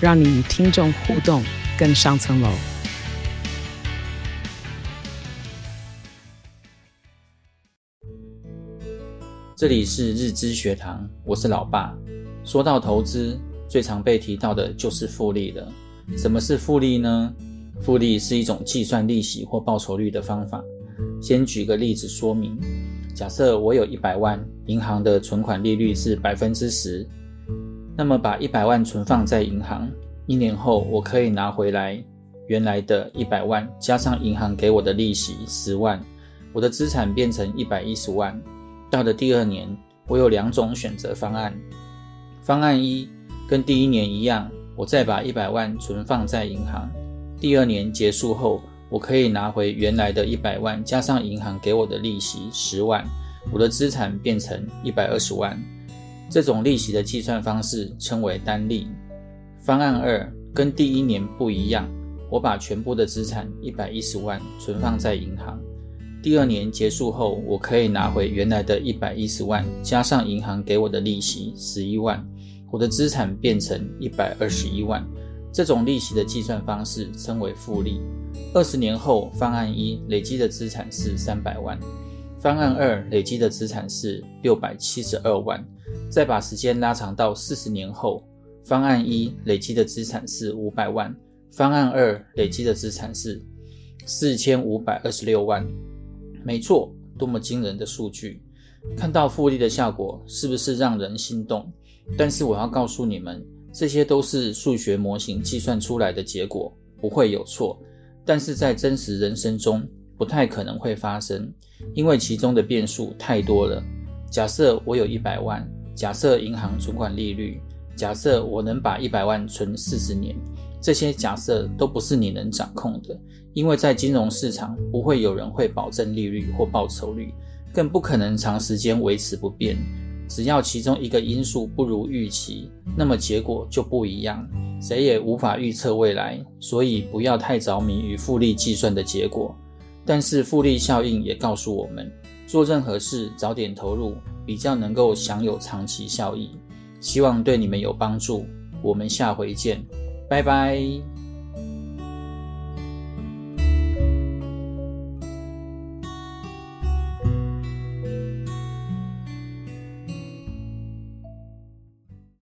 讓你與聽眾互動更上層樓。這裡是日資學堂，我是老爸。說到投資，最常被提到的就是複利了。什麼是複利呢？複利是一種計算利息或報酬率的方法。先舉個例子說明：假設我有一百萬，銀行的存款利率是百分之十。那麼，把一百萬存放在銀行，一年後我可以拿回來原來的一百萬加上銀行給我的利息十萬，我的資產變成一百一十萬。到了第二年，我有兩種選擇方案：方案一跟第一年一樣，我再把一百萬存放在銀行。第二年結束後，我可以拿回原來的一百萬加上銀行給我的利息十萬，我的資產變成一百二十萬。這種利息的計算方式稱為單利。方案二跟第一年不一樣，我把全部的資產一百一十萬存放在銀行。第二年結束後，我可以拿回原來的一百一十萬，加上銀行給我的利息十一萬，我的資產變成一百二十一萬。這種利息的計算方式稱為複利。二十年後，方案一累積的資產是三百萬，方案二累積的資產是六百七十二萬。再把時間拉長到四十年後，方案一累積的資產是五百萬，方案二累積的資產是四千五百二十六萬。沒錯，多麼驚人的數據！看到複利的效果，是不是讓人心動？但是我要告訴你們，這些都是數學模型計算出來的結果，不會有錯。但是在真實人生中，不太可能會發生，因為其中的變數太多了。假設我有一百萬。假設銀行存款利率，假設我能把一百萬存四十年，這些假設都不是你能掌控的，因為在金融市場，不會有人會保證利率或報酬率，更不可能長時間維持不變。只要其中一個因素不如預期，那麼結果就不一樣。誰也無法預測未來，所以不要太着迷於複利計算的結果。但是複利效應也告訴我們，做任何事，早點投入。比較能夠享有長期效益，希望對你們有幫助。我們下回見，拜拜。